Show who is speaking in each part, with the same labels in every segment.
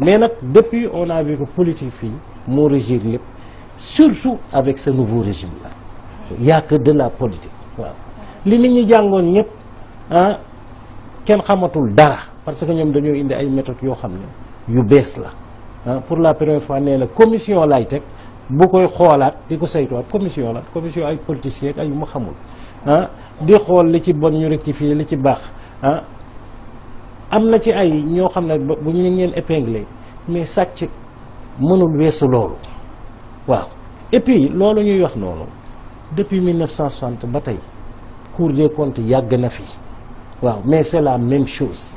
Speaker 1: mais depuis on a vu que politique mon surtout avec ce nouveau régime là Il n'y a que de la politique waaw li nit ñi ah, dit, parce que nous méthodes la ah, pour la première fois la commission lay beaucoup commission la commission ay politiciens ak rectifier amna ci ay ñoo xamna ne bu ñu leen épinglé mais sacc mënul weesu loolu waaw et puis loolu ñuy wax noonu depuis 1960 batay Cour des comptes yag na fi waaw mais c'est la même chose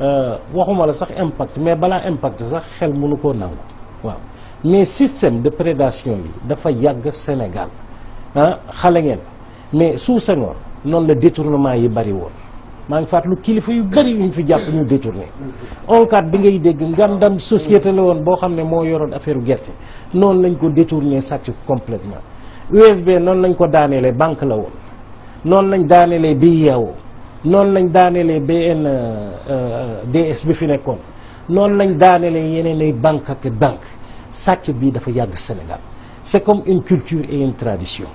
Speaker 1: Euh, waxuma la sax impact mais balaa impact sax xel mu nu ko nangu waaw mais système de prédation bi dafa yàgg Sénégal ah xale ngeen mais sous Senghor noonu la détournement yi bari woon maa ngi lu kilifa yu bari yu ñu fi jàpp ñu détourné ONCAD bi ngay dégg ngandam société la woon boo xam ne moo yoroon affaire gerte noonu lañ ko détourné sàcc complètement USB noonu lañ ko daaneele banque la woon noonu lañ daaneele BIAO non lañ daanelee BN euh, euh, DS bi fi nekkoon non lañ daanelee yeneen ay banque ak banque sàcc bi dafa yag Sénégal c'est comme une culture et une tradition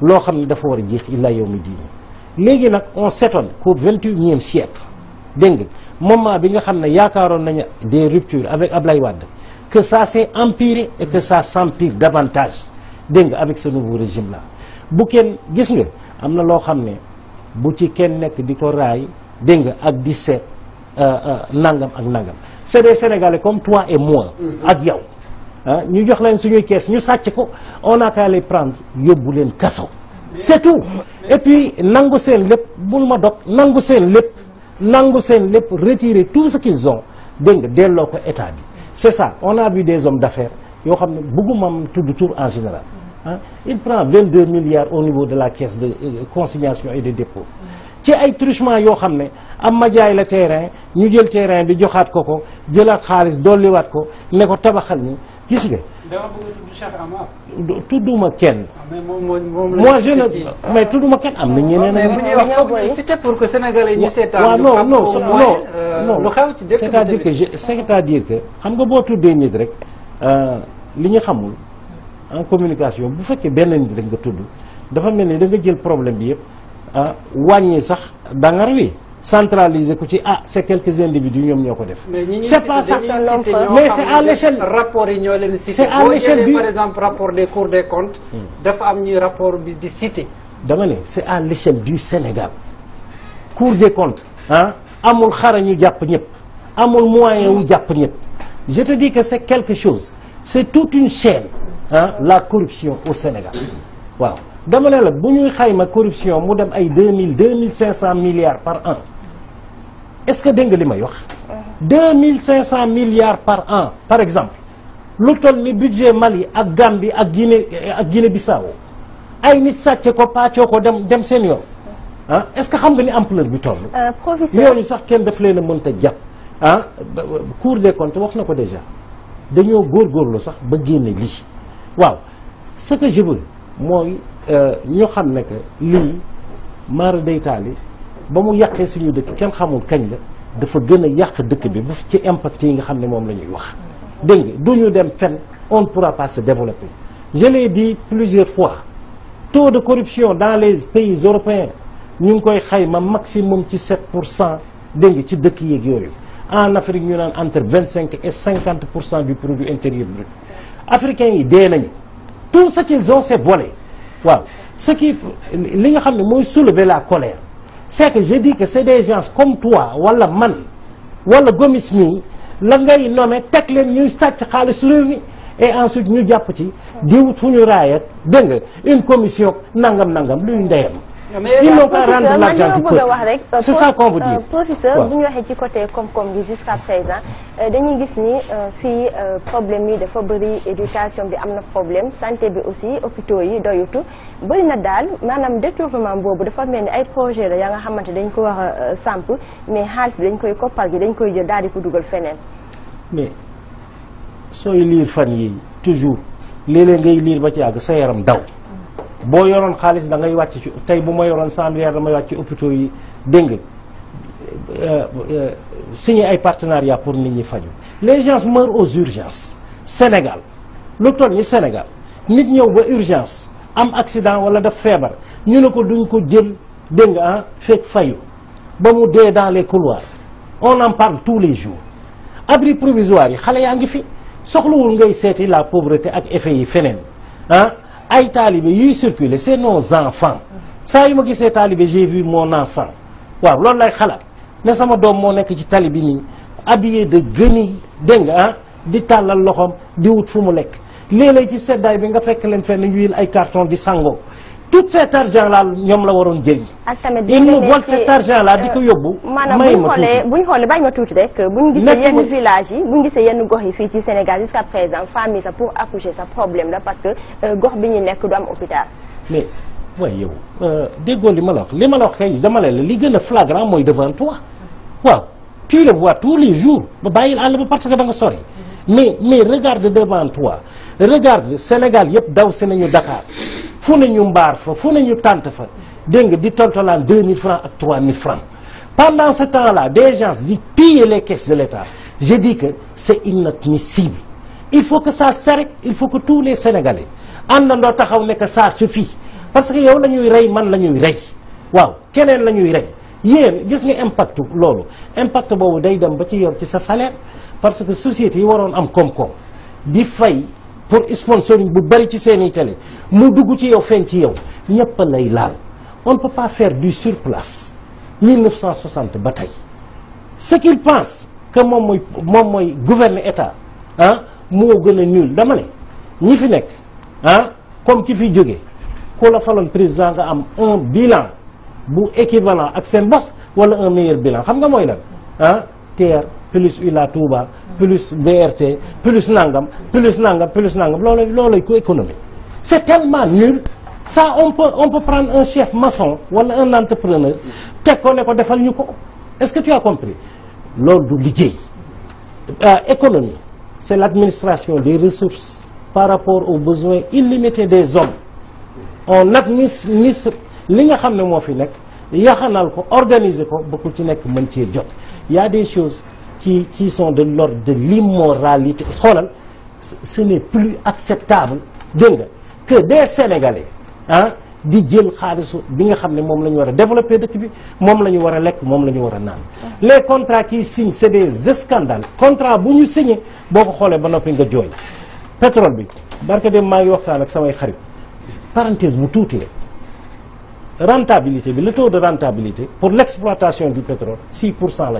Speaker 1: lo xam dafa wara a jeex illaa yow mi diini léegi on s'étonne qu'au 21e siècle deng moment bi nga xamné ne nañ des ruptures avec Ablaye Wade que ça s'est empiré et que ça s'empire davantage deng avec ce nouveau régime là bu ken gis nga amna lo xamné bu ci kenn nekk di ko raay dégg 17 ak di euh, euh, nangam ak nangam c'est des Sénégalais comme toi et moi. ak yow ah ñu jox leen suñuy kees ñu sàcc ko on a qu'à les prendre yóbbu leen kaso. c'est tout et puis nangu seen lépp bul ma dog nangu seen lépp nangu seen lépp retirer tout ce qu'ils ont dégg nga delloo ko état bi c'est ça on a vu des hommes d'affaires il y ne bëgguma am tudd tour en général. Hein? Il prend 22 milliards au niveau de la caisse de euh, consignation et de dépôt. ci ay truchement yo xamné am ma terrain ñu jël terrain bi joxaat ko ko doli wat ko ne tabaxal ni gis nga. Ah, moi je ne mais tuduma kenn am na ñeneen. c'était pour que sénégalais ñu pas non non non euh, c'est-à-dire que c'est-à-dire que nga en communication vous faites benn nit rek tout le dafa mel ni da nga jël problème bi yëpp ah wàññi sax dangar wi centraliser ko ci ah c'est quelques individus ñoom ñoo ko def. c'est pas ça mais c'est à l'échelle rapport yi cité. c'est à l'échelle par exemple rapport des cours des comptes. Hmm. dafa am rapport de di cité. dama c'est à l'échelle du Sénégal cours des comptes ah amul xara ñu jàpp ñëpp amul moyen wu jàpp je te dis que c'est quelque chose c'est toute une chaîne. Hein, la corruption au Sénégal waaw dama la bu xayma corruption mu dem ay 2500 milliards par an est-ce que dégg nga li 2500 wax milliards par an par exemple lu toll ni budget Mali ak Gambie ak Guinée ak Guinée-Bissau ay nit sàcce ko pàccoo ko dem dem seen yoon ah est-ce que xam nga ni ampleur bi toll euh, yoonu sax kenn daf leen a mënta jàpp ah Cour des comptes wax na ko déjà gour, lo sax ba génne li waaw ce que je veux moi euh, ñu xam ne que li maara d'Italie, si ba mu un suñu dëkk kenn xamul kañ la dafa gën a yàq dëkk bi bu ci impact yi nga xam ne moom la wax ñu dem fenn on ne pourra pas se développer je l'ai dit plusieurs fois taux de corruption dans les pays européens nous ngi koy xayma maximum de 7 pour cent dégg nga ci dëkk en Afrique ñu entre 25 et 50 du produit intérieur brut africains yi tout ce qu'ils ont c'est volé ce qui li nga la colère c'est que j'ai dit que c'est des gens comme toi wala man la ngay nommé teg leen ñuy et ensuite ñu jàpp ci di fu une commission nangam-nangam
Speaker 2: ils n'ont ah, pas rendre l'argent du peuple c'est ça qu'on veut dire euh, professeur bu ñu waxee ci côté koom-koom bi jusqu'à présent euh, dañuy gis ni euh, fii problème yi dafa bëri éducation bi am na problème santé bi aussi hôpitaux yi doyutu bëri na daal maanaam détournement boobu dafa mel ni ay projet la yaa nga xamante dañ ko wax a samp mais xaalis bi dañ koy koppar gi dañ koy jël daal di ko dugal feneen
Speaker 1: mais sooy liir fan yi toujours léeg-léeg ngay liir ba ci àgg sa yaram daw boo yoroon xaalis da ngay wacc ci tay bu ma yoroon cent milliards damay wacc ci hôpitaux yi deng euh, euh signé ay partenariat pour nit ñi faju les gens meurent aux urgences Sénégal lu toll ni Sénégal nit ñew ba urgence am accident wala da feebar ñu ne ko duñ ko jël deng nga ah fekk fayu ba mu dee dans les couloirs on en parle tous les jours abri provisoire yi xale yaa ngi fi soxlawul ngay seeti la pauvreté ak effet yi fenen ah ay taalibe il circule, c'est nos enfants Ça, yu ma c'est talibé, j'ai vu mon enfant Wa, loolu lay xalaat Mais sama m'a donné nekk ci tali bi habillé de guenille dégg nga ah di tàllal loxoom di wut fu mu lekk léeg-léeg ci seddaay bi nga fekk leen ñuy ay carton de sangoo tout cet argent là nous la
Speaker 2: waroon jël. ak nous vole cet argent là di ko euh, yóbbu. may ma tuuti maanaam bu ñu xoolee bu ñu xoolee bàyyi ma tuuti rek. Euh, yenn village yi bu ñu gisee yenn gox yi fii ci Sénégal jusqu'à présent famille ça pour accoucher sa problème là, parce que euh, gox bi ñu nekk du am hôpital.
Speaker 1: mais voyez-vous, déggoo li ma les wax li ma la wax kay dama la li flagrant moi devant toi waaw tu le vois tous les jours ba bàyyil àll ba parce que da nga sori. mais mais regarde devant toi regarde Sénégal yëpp daw si nañu Dakar fune ñu mbar fa que nous ñu tante fa dégg di 2 2000 francs ak 3000 francs pendant ce temps-là des gens di piller les caisses de l'État J'ai dit que c'est inadmissible il faut que ça s'arrête il faut que tous les Sénégalais ando taxaw nek que ça suffit parce que yow la ray man la ray waaw keneen lañuy ray yeen gis nga impact lolu impact bobu day dem ba ci yor ci sa salaire parce que société yi waroon am kom kom di fay pour sponsoring bu bari ci seeni télé mu duggu ci yow fenc ci yow ñepp lay laal on ne peut pas faire du surplace 1960 ba ce qu'il pense que moom mooy moom mooy gouverner état ah hein, mo gëna nul dama né ñi fi nek ah hein, comme ki fi jógee ko la faloon président nga am un bilan bu équivalent ak sen boss, wala un meilleur bilan xam nga mooy lan ah hein, TR plus ULATUBA, Touba plus BRT plus Nangam plus Nangam plus Nangam loolu ko économie c'est tellement nul ça on peut on peut prendre un chef maçon ou un entrepreneur ko ne ko defal est-ce que tu as compris L'économie, du euh, économie c'est l'administration des ressources par rapport aux besoins illimités des hommes on administre ce nga nous avons fait fi nekk yaxanal ko organiser ko y a des choses qui, sont de l'ordre de l'immoralité ce n'est plus acceptable que des Sénégalais hein, di développer les contrats qui signent c'est des scandales Contrats, qui pétrole barke de parenthèse rentabilité le taux de rentabilité pour l'exploitation du pétrole 6 pour cent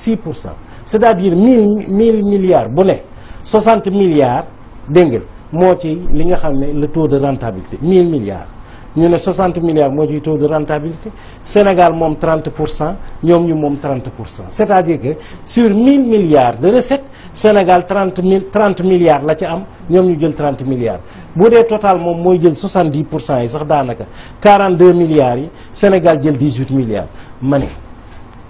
Speaker 1: 6 c'est-à-dire 1000 000 milliards Bonnet, 60 milliards c'est moitié le taux de rentabilité 1000 milliards Nous avons 60 milliards moitié le taux de rentabilité Sénégal 30 Nous, avons 30 c'est-à-dire que sur 1000 milliards de recettes Sénégal 30 30 milliards la ci am 30 milliards. bu totalement, total 70 42 milliards Sénégal 18 milliards Money.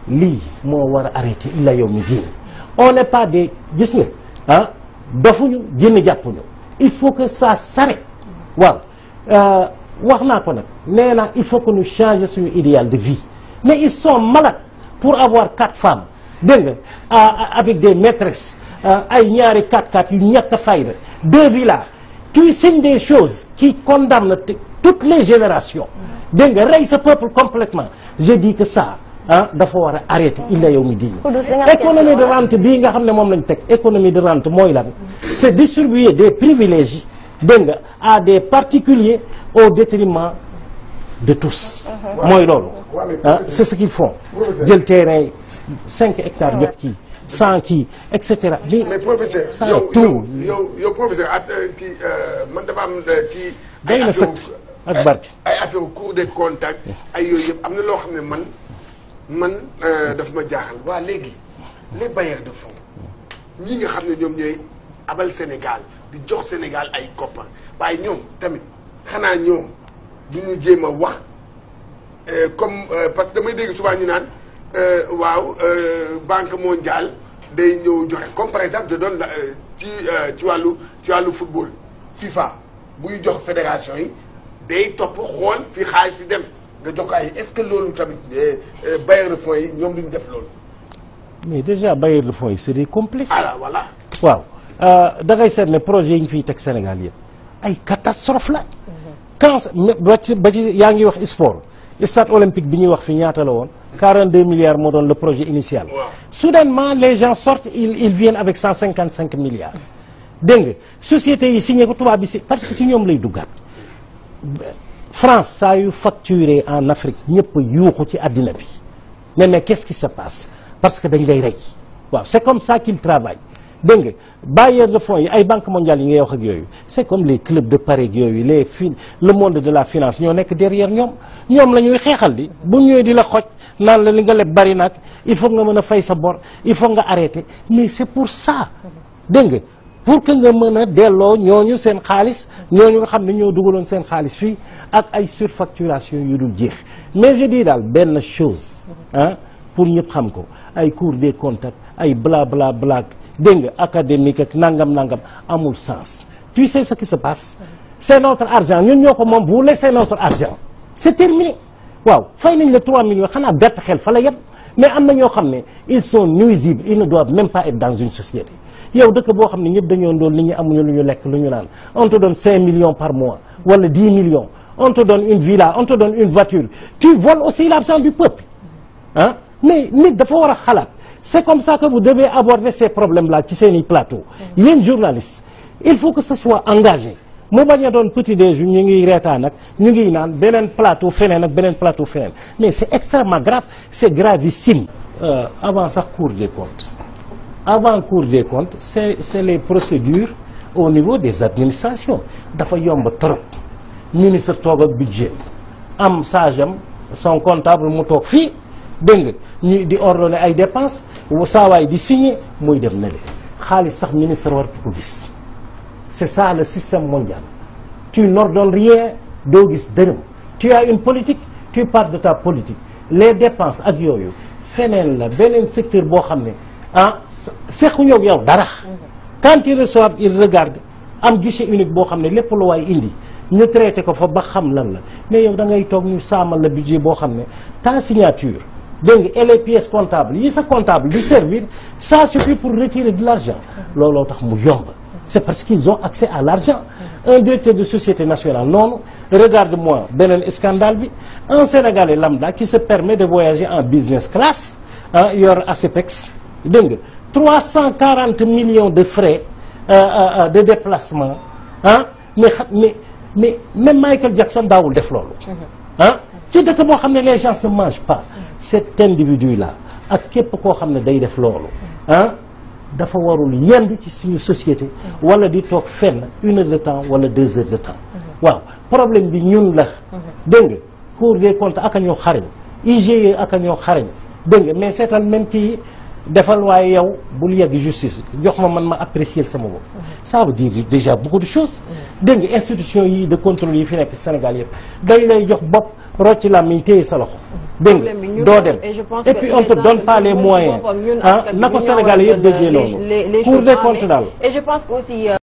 Speaker 1: Li, mo war a arrêté illa yow mi on n'est pas des gis nga ah dofuñu génn jàppuñu il faut que ça s'arrête waaw euh waxna ko nak il faut que nous changer suñu idéal de vie mais ils sont malades pour avoir quatre femmes dégg ah, ah, avec des maîtresses ah, ay ñaari quatre, quatre, yu ñàkk fayda deux villas tu signes des choses qui condamnent toutes les générations Dengue, raise ce peuple complètement J'ai dit que ça ah dafa war a arrêté illa yow mi di économie de rente bii nga xam ne moom lañ économie de rente mooy lan c'est distribuer des privilèges dégg à des particuliers au détriment de tous uh-huh. mooy loolu ah, c'est ce qu'ils font jël terrain 5 hectares jox kii 100 kii et cetera mais professeur yo yo yow professeur at euh, kii euh, man dafa am ci euh, ak barke ay affaire au cours des contacts ay yoyep amna lo xamné man man euh, daf ma jaaxal wa legui les bailleurs de fonds ñi nga xamné ñom ñoy abal Sénégal di jox Sénégal ay koppar waaye ñom tamit xana ñom du ñu jéem wax euh comme euh, parce que damay dégg souvent ñu euh waaw euh, banque mondiale day ñëw joxe comme par exemple je donne tu ci ci tu ci wàllu football FIFA buy jox fédération yi day top xol fi xaalis bi dem. Mais jox est-ce que l'on tamit eh, eh, bailleurs de fonds yi ñoom def loolu. mais déjà bailleurs de c'est des complices. ah voilà. waaw euh, da ngay seet projet yi ñu fiy tek Sénégal yëpp ay catastrophe la. quand ba ci ya ngi wax sport stade olympique bi ñuy wax fi ñaata la woon 42 milliards moo doon le projet initial. soudainement les gens sortent ils viennent avec 155 milliards. dégg nga société yi signé ko tubaab bi si parce que ci ñoom lay duggaat. France a eu facturé en Afrique ñëpp a ci àddina bi mais mais qu'est-ce qui se passe parce que c'est comme ça qu'il travaille Donc, bailleurs de fonds les banques mondiales, c'est comme les clubs de Paris le monde de la finance nous sommes derrière nous. ñoom derrière nous, di bu xoj la li nga il arrêter mais c'est pour ça pour que nga mën a delloo ñooñu seen xaalis ñooñu nga xam ñoo dugaloon seen xaalis fi ak ay surfacturation yu dul mais je dis dal ben chose hein pour ñëpp xam ko ay cours des comptes ay bla bla bla deng académique ak nangam nangam amul sens tu sais ce qui se passe c'est notre argent ñun ñoko mom vous laissez notre argent c'est terminé waaw fay nañ le 3 millions xana bett xel fa la yeb mais amna ñoo xamné ils sont nuisibles ils ne doivent même pas être dans une société yow dëkk boo xam ne ñëpp dañoo ndool li ñu amuñu lu ñu lekk naan on te donne 5 millions par mois wala 10 millions on te donne une villa on te donne une voiture tu voles aussi l'argent du peuple ah mais nit dafa war a xalaat c'est comme ça que vous devez aborder ces problèmes là ci y plateau yéen journaliste, il faut que ce soit engagé mu bañ a doon petit déjeuner ñu ngi reetaan nag ñu ngi naan beneen plateau feneen ak beneen plateau feneen mais c'est extrêmement grave c'est gravissime euh, avant sax Cour des comptes avant cours des comptes c'est les procédures au niveau des administrations dafa yomb trop ministre toog ak budget am sage son comptable mu toog fi, les ni di ordonner ay dépenses saawaay di signé muy dem na le xaalis sax ministre wartu ko gis c'est ça le système mondial tu n'ordonnes rien doo gis dërëm tu as une politique tu parles de ta politique les dépenses ak yooyu feneen la beneen secteur boo ah c'est qu'ils yow dara. quand ils reçoivent ils regardent am guichet unique ils xamné ne lépp lu indi ñu traité ko fa ba xam lan la mais yow da ngay ñu budget bo xamné ta signature donc elle est les pièces comptables yi sa comptable du servir ça suffit pour retirer de l'argent tax mu c'est parce qu'ils ont accès à l'argent un directeur de société nationale non regarde-moi Un scandale bi un sénégalais lambda qui se permet de voyager en business class hein, A yor acpex dégg 340 millions de frais euh, euh, euh, de déplacement hein. mais mais mais même Michael Jackson daawul def loolu. Mhm. hein. ci dëkk boo xam ne les gens ne mangent pas. cet individu là ak képp koo xam ne day def loolu. hein. dafa warul yendu ci suñu société. Mhm. wala di toog fenn une heure de temps wala deux heures de temps. Mhm. waaw problème bi ñun la. dégg nga Cour des comptes ak a ñoo xarañ IGE ak a ñoo mais seetal même kii défal way yow bul yegg justice jox ma man ma apprécier sama bopp ça veut dire déjà beaucoup de choses dégg nga institution yi de contrôle yi fi nekk Sénégal yëpp dañ lay jox bopp rocci mi téye sa loxo dégg nga doo dem et puis on te donne pas les moyens ah La sénégalais de euh, de déggee noonu Pour des comptes d'al.
Speaker 2: et je pense que aussi euh,